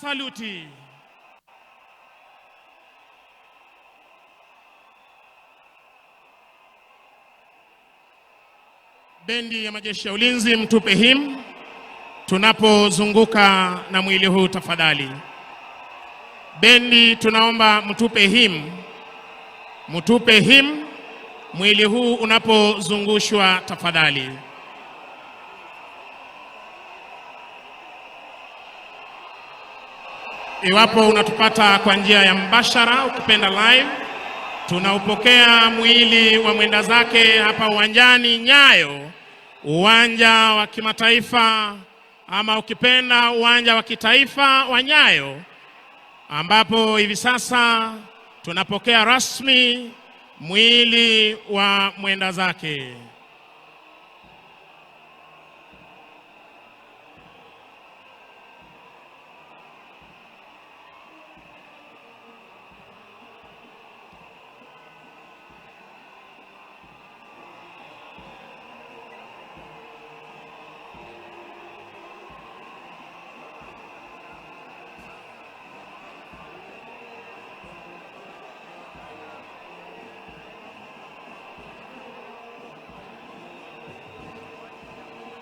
Saluti. Bendi ya majeshi ya ulinzi mtupe him tunapozunguka na mwili huu tafadhali. Bendi, tunaomba mtupe him, mtupe him mwili huu unapozungushwa tafadhali. Iwapo unatupata kwa njia ya mbashara, ukipenda live, tunaupokea mwili wa mwenda zake hapa uwanjani Nyayo, uwanja wa kimataifa ama ukipenda uwanja wa kitaifa wa Nyayo ambapo hivi sasa tunapokea rasmi mwili wa mwenda zake.